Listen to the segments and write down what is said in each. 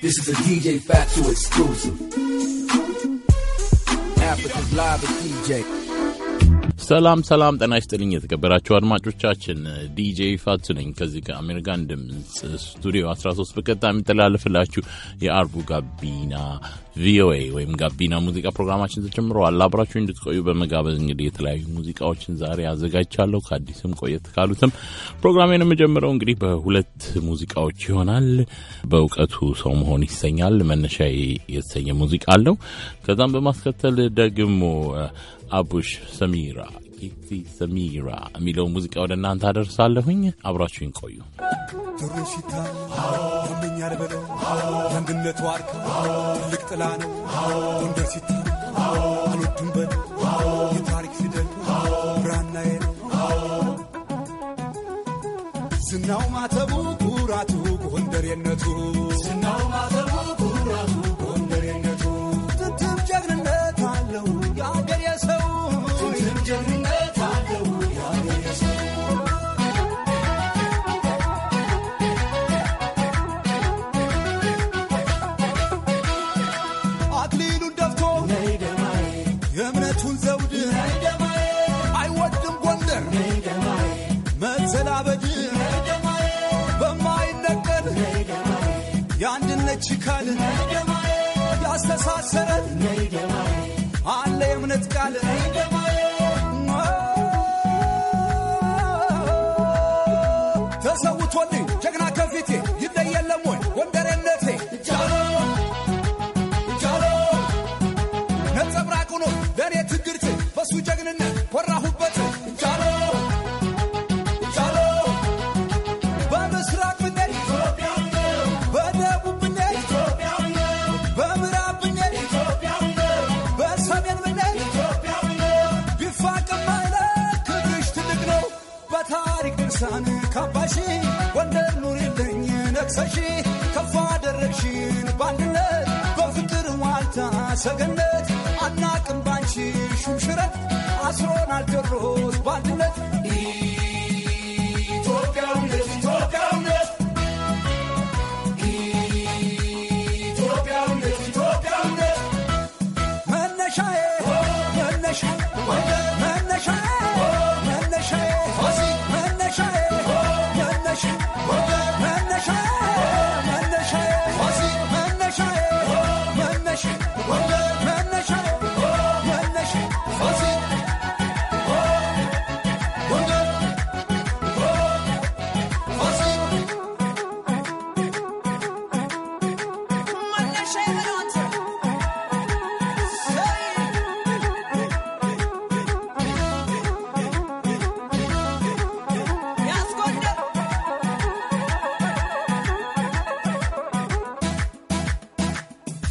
This is a DJ Fatu exclusive. Africa's live DJ. ሰላም ሰላም፣ ጤና ይስጥልኝ የተከበራችሁ አድማጮቻችን፣ ዲጄ ፋቱ ነኝ ከዚህ ከአሜሪካን ድምፅ ስቱዲዮ 13 በቀጥታ የሚተላለፍላችሁ የአርቡ ጋቢና ቪኦኤ ወይም ጋቢና ሙዚቃ ፕሮግራማችን ተጀምረዋል። አብራችሁ እንድትቆዩ በመጋበዝ እንግዲህ የተለያዩ ሙዚቃዎችን ዛሬ አዘጋጅቻለሁ። ከአዲስም ቆየት ካሉትም ፕሮግራሜን የምጀምረው እንግዲህ በሁለት ሙዚቃዎች ይሆናል። በእውቀቱ ሰው መሆን ይሰኛል መነሻ የተሰኘ ሙዚቃ አለው። ከዛም በማስከተል ደግሞ አቡሽ ሰሚራ ኢቲ ሰሚራ የሚለውን ሙዚቃ ወደ እናንተ አደርሳለሁኝ። አብራችሁኝ ቆዩ። ድሮሽታ ያመኛል ልበለ ያንግነቱ አርክ ትልቅ ጥላ ነው ጎንደር ሲታ አልወድም በለው የታሪክ ፊደል ብራናዬ ነው ዝናው ማተቡ ኩራቱ ጎንደሬነቱ ዝናው ማተቡ መዘላበድ በማይነቀል የአንድነት ችካል ያስተሳሰረን አለ የእምነት ቃል ነግሰሽ ከፍ አደረግሽን ባንድነት በፍቅር ዋልታ ሰገነት አናቅም ባንቺ ሹምሽረት አስሮን አልጀሮስ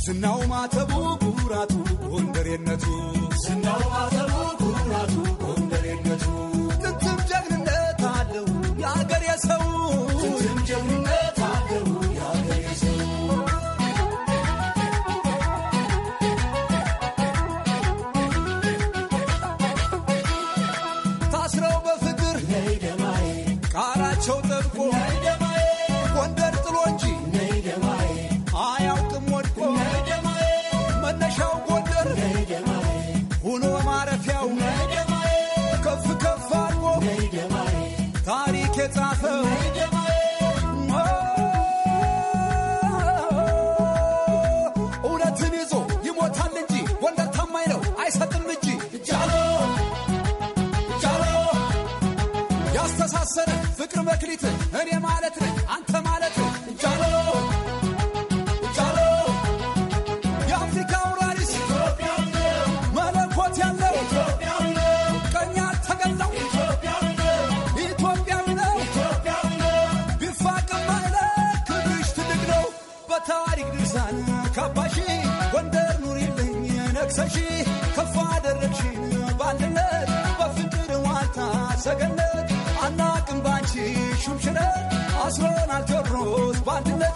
ዝናው ማተቡ ጉራቱ ጎንደሬነቱ ዝናው ማተቡ ጉራቱ ጎንደሬነቱ ክንትም ጀግንነት አለው የአገር የሰው አክሊት እኔ ማለት ነኝ ሲሹም ሽረት አስሮናል በአንድነት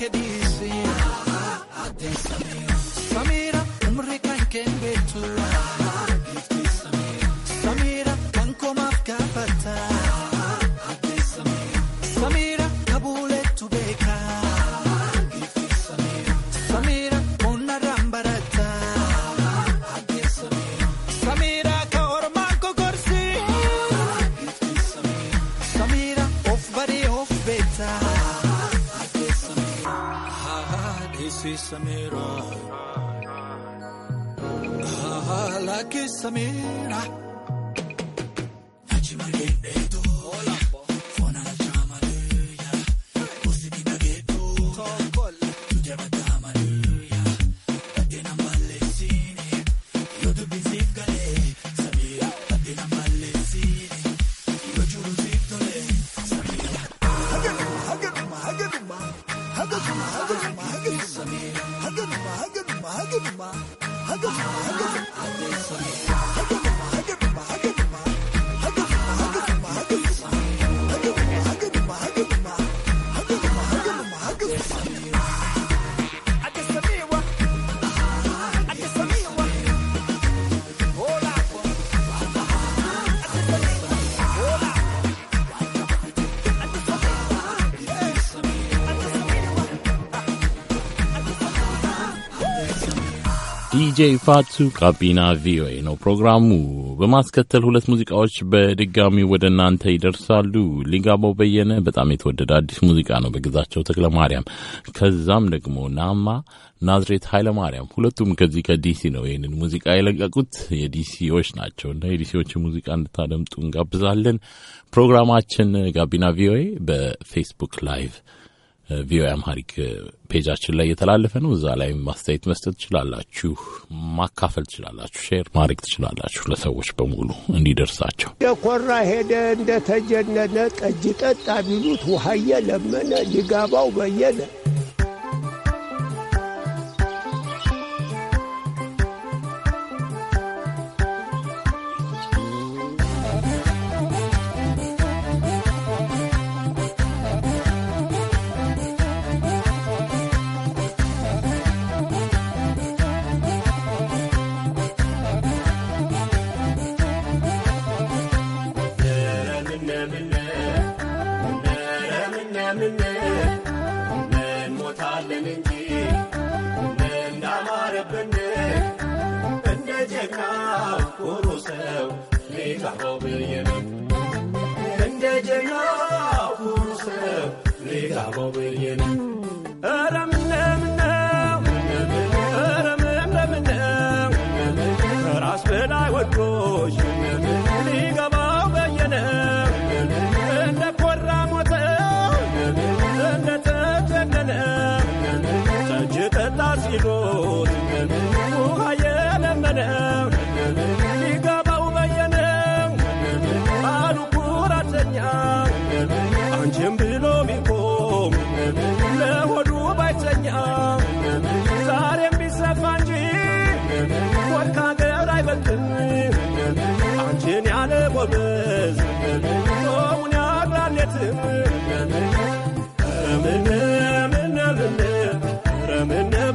could be Samira. Ah, like Samira. Awesome. ዲጄ ፋቱ ጋቢና ቪኦኤ ነው ፕሮግራሙ። በማስከተል ሁለት ሙዚቃዎች በድጋሚ ወደ እናንተ ይደርሳሉ። ሊጋባው በየነ በጣም የተወደደ አዲስ ሙዚቃ ነው በግዛቸው ተክለ ማርያም፣ ከዛም ደግሞ ናማ ናዝሬት ኃይለ ማርያም ሁለቱም ከዚህ ከዲሲ ነው ይህንን ሙዚቃ የለቀቁት የዲሲዎች ናቸው እና የዲሲዎች ሙዚቃ እንድታደምጡ እንጋብዛለን። ፕሮግራማችን ጋቢና ቪኦኤ በፌስቡክ ላይቭ ቪኦኤ አምሃሪክ ፔጃችን ላይ እየተላለፈ ነው። እዛ ላይ ማስተያየት መስጠት ትችላላችሁ፣ ማካፈል ትችላላችሁ፣ ሼር ማድረግ ትችላላችሁ። ለሰዎች በሙሉ እንዲደርሳቸው የኮራ ሄደ እንደተጀነነ ጠጅ ጠጣ ቢሉት ውሃየ ለመነ ሊጋባው በየነ አለብን እንደ ጀግና ሰው እንደ ሰው ራስ በላይ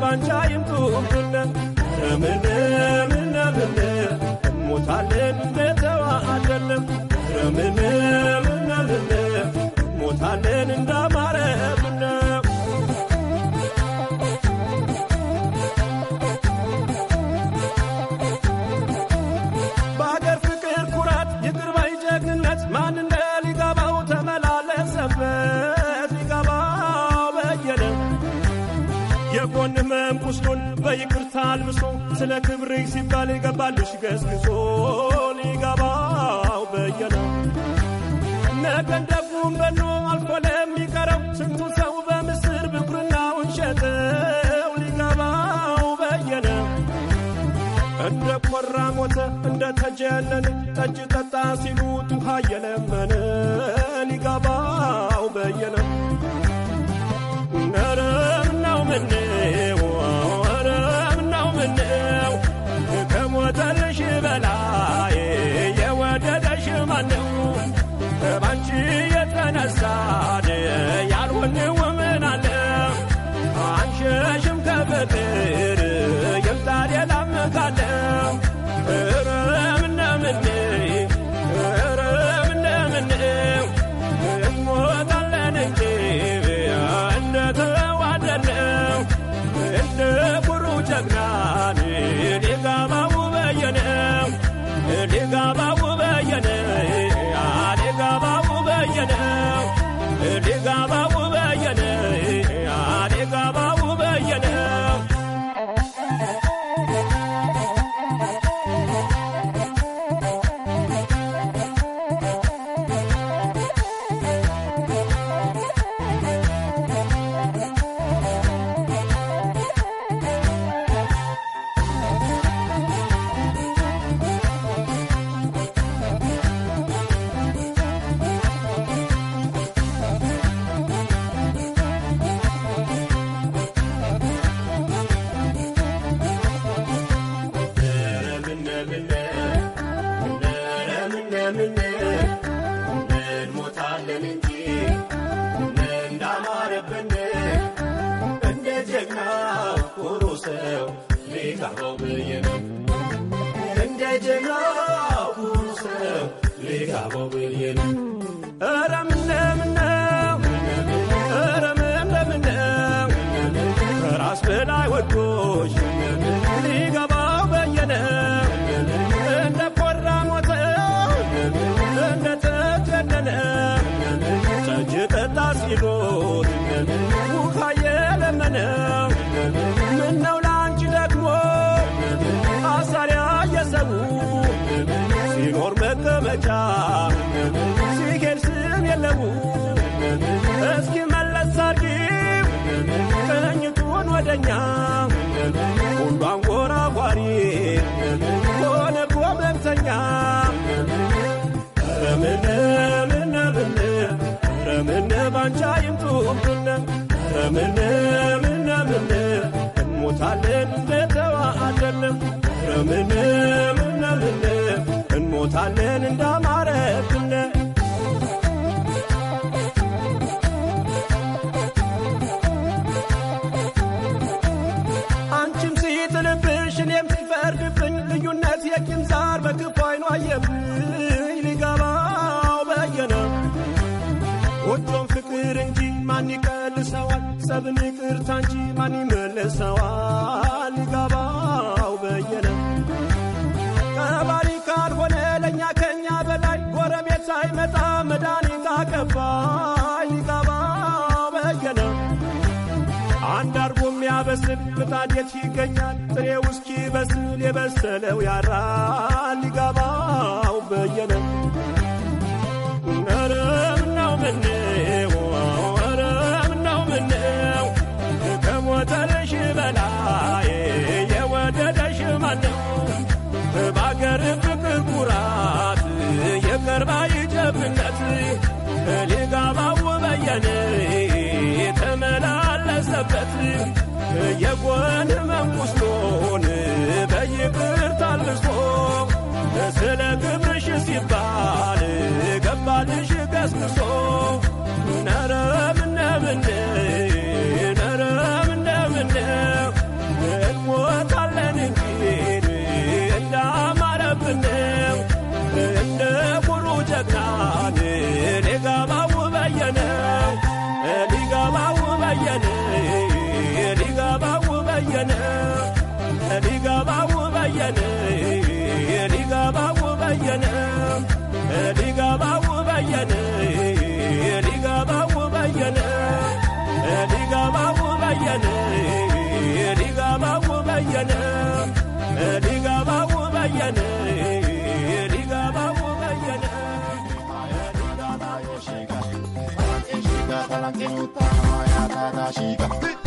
ባንቻ ይምጡብን ምንምንምን ሞታልን ስለ ክብርህ ሲባል ይገባልሽ ገስግሶ ሊገባው በየነ ነገን ደጉም በኖ አልፎ ለሚቀረው ስንቱ ሰው በምስር ብኩርናውን ሸጠው ሊገባው በየነ እንደ ኮራ ሞተ እንደ ተጀነነ ጠጅ ጠጣ ሲሉት ውሃ የለመነ እስኪ መለስ አድርጊው ቅንኝቱን ወደኛ ሁሉ አንጎራጓሪ ሆነ ጎመምሰኛ ረምን ምነ ብን ረምን ባንቻ ይምጡብን ረምን ምነ ምን እንሞታለን እንደተዋአለን ረምን ምነ ምን እንሞታለን እንዳም ጠብን ይቅርታ እንጂ ማን ይመልሰዋል? ይገባው በየነ ቀባሪ ካልሆነ ለእኛ ከእኛ በላይ ጎረቤት ሳይመጣ መድኃኒት አቀባይ ይገባው በየነ አንድ አርጎ የሚያበስል ምጣድ የት ይገኛል? ጥሬ ጥሬው እስኪበስል የበሰለው ያራል። ይገባው በየነ ረምናው ምን ረምናው ምን በላይ የወደደሽ ማነው? በአገር ፍቅር ኩራት የቀርባይ ጀብነት ሊጋባው በየነ ተመላለሰበት የጎን መንቁስሎን በይቅርታ ታልሶ ስለ ግብርሽ ሲባል ገባልሽ ገስግሶ 話が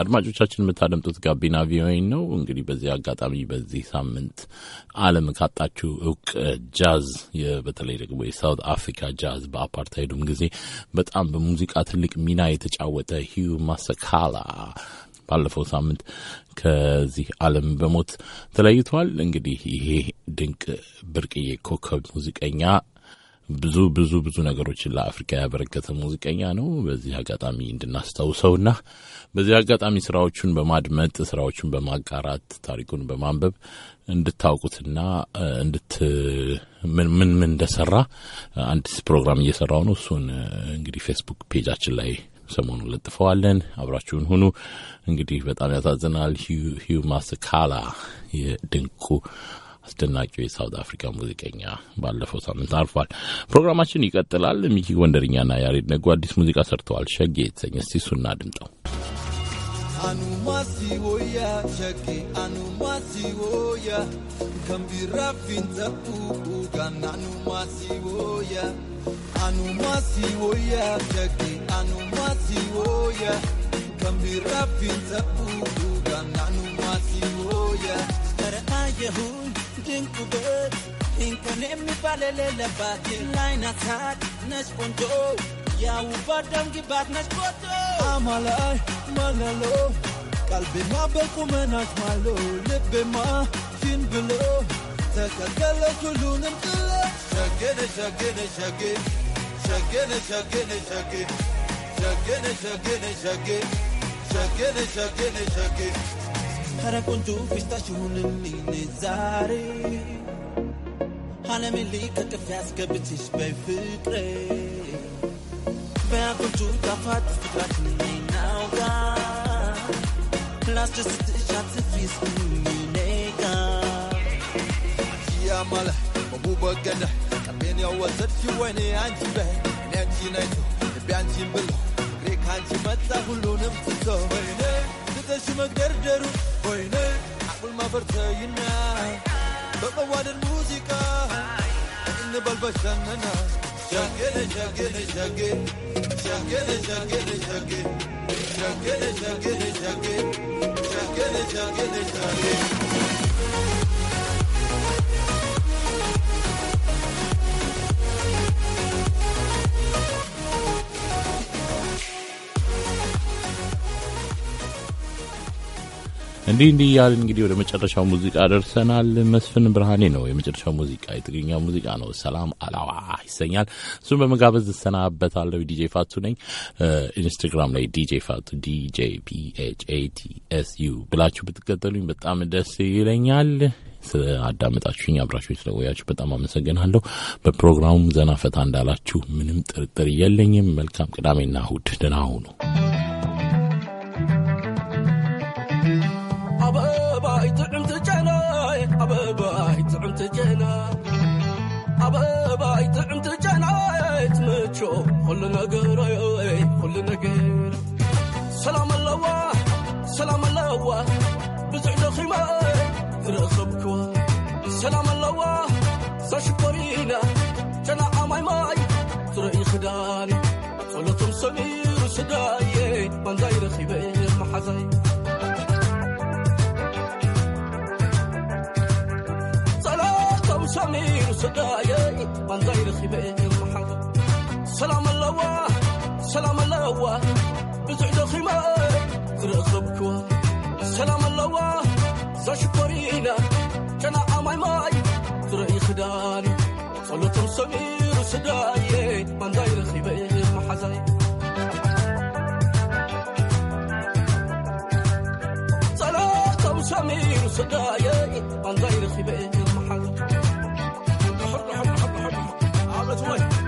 አድማጮቻችን የምታደምጡት ጋቢና ቪኦኤ ነው። እንግዲህ በዚህ አጋጣሚ በዚህ ሳምንት ዓለም ካጣችው እውቅ ጃዝ በተለይ ደግሞ የሳውት አፍሪካ ጃዝ በአፓርታይዱም ጊዜ በጣም በሙዚቃ ትልቅ ሚና የተጫወተ ሂዩ ማሰካላ ባለፈው ሳምንት ከዚህ ዓለም በሞት ተለይቷል። እንግዲህ ይሄ ድንቅ ብርቅዬ ኮከብ ሙዚቀኛ ብዙ ብዙ ብዙ ነገሮችን ለአፍሪካ ያበረከተ ሙዚቀኛ ነው። በዚህ አጋጣሚ እንድናስታውሰውና በዚህ አጋጣሚ ስራዎቹን በማድመጥ ስራዎቹን በማጋራት ታሪኩን በማንበብ እንድታውቁትና እንድት ምን ምን እንደሰራ አንድ ፕሮግራም እየሰራው ነው። እሱን እንግዲህ ፌስቡክ ፔጃችን ላይ ሰሞኑን ለጥፈዋለን። አብራችሁን ሁኑ። እንግዲህ በጣም ያሳዝናል። ሂዩ ማስካላ የድንቁ አስደናቂው የሳውት አፍሪካ ሙዚቀኛ ባለፈው ሳምንት አርፏል። ፕሮግራማችን ይቀጥላል። ሚኪ ወንደርኛና ያሬድ ነጉ አዲስ ሙዚቃ ሰርተዋል። ሸጌ የተሰኘ እስቲ እሱና ድምጠው din kube inkane mi balele la oh. oh. ma be kuma malo lebe ma fin belo ta ka kala shagene shagene shagene shagene shagene shagene shagene shagene shagene ከረ ቆንጆ ፌስታሽሁንልኝ ዛሬ አለሜሌ ከቅፍ ያስገብትሽ በፍቅሬ በያቆንጆ ጣፋጭ ፍቅራችን ናውጋ ላስደስትሽ አትፍሪ ስኩኝኔጋ ያማለ በቡ በገደ እግሬ ከአንቺ መጣ ሁሉንም ጌተሽ መግደርደሩ ኮይነ አቁል ማፈርተይና በቀዋደን ሙዚቃ እንበልበሸነና ሸጌነ ሸጌነ ሸጌ ሸጌነ ሸጌነ ሸጌ ሸጌነ ሸጌነ ሸጌ ሸጌነ ሸጌነ ሸጌ እንዲህ እንዲህ እያልን እንግዲህ ወደ መጨረሻው ሙዚቃ ደርሰናል። መስፍን ብርሃኔ ነው የመጨረሻው ሙዚቃ፣ የትግርኛ ሙዚቃ ነው። ሰላም አላዋ ይሰኛል። እሱም በመጋበዝ እሰናበታለሁ። ዲጄ ፋቱ ነኝ። ኢንስታግራም ላይ ዲጄ ፋቱ ዲጄ ፒኤችኤቲኤስዩ ብላችሁ ብትከተሉኝ በጣም ደስ ይለኛል። ስለአዳመጣችሁኝ አብራችሁኝ ስለቆያችሁ በጣም አመሰግናለሁ። በፕሮግራሙም ዘና ፈታ እንዳላችሁ ምንም ጥርጥር የለኝም። መልካም ቅዳሜና እሁድ። ደህና ሁኑ። ተሽኮሪና ጨናዓማይ ማይ ትርኢ ክዳኒ ጸሎቶም ሰሚሩ ስዳየ ባንዳይ ረኺበ መሓዛይ ጸሎቶም ሰሚሩ ስዳየ ባንዳይ ረኺበ መሓዛ ሰላም ኣለዋ ሰላም ኣለዋ ብዙሕ ደኺመ ዝርኢ ክረብክዋ ሰላም ኣለዋ ዛሽኮሪና ጨናዓማይ ማይ صدري خداني صلت صبير سداي من غير خبير محزاي صلاة سمير سداي من غير محزاي حر حر حر حر عبت وين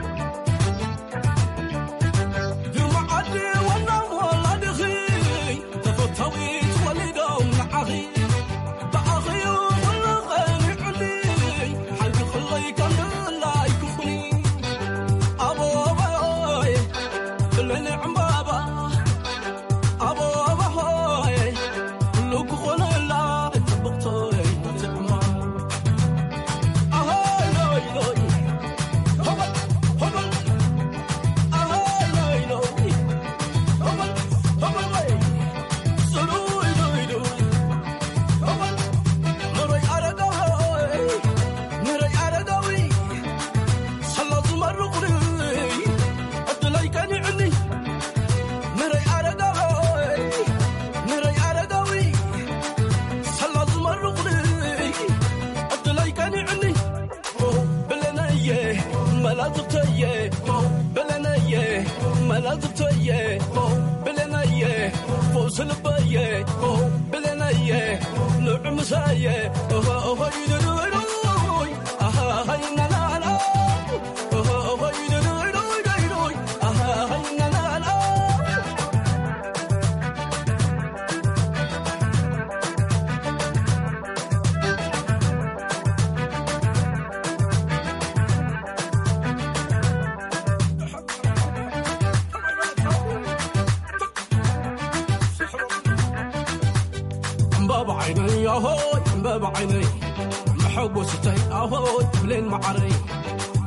ማዕረይ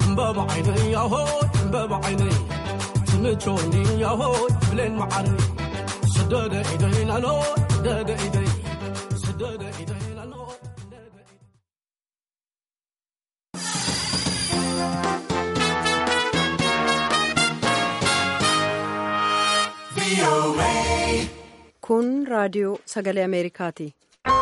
እምበብ ዓይነይ ያሆይ እምበብ ዓይነይ ትምቾኒ ያሆይ ብለን ማዕረይ ስደደ ኢደይ ናኖይ ደደ ኢደይ ስደደ ኢደይ kun raadiyoo sagalee ameerikaati.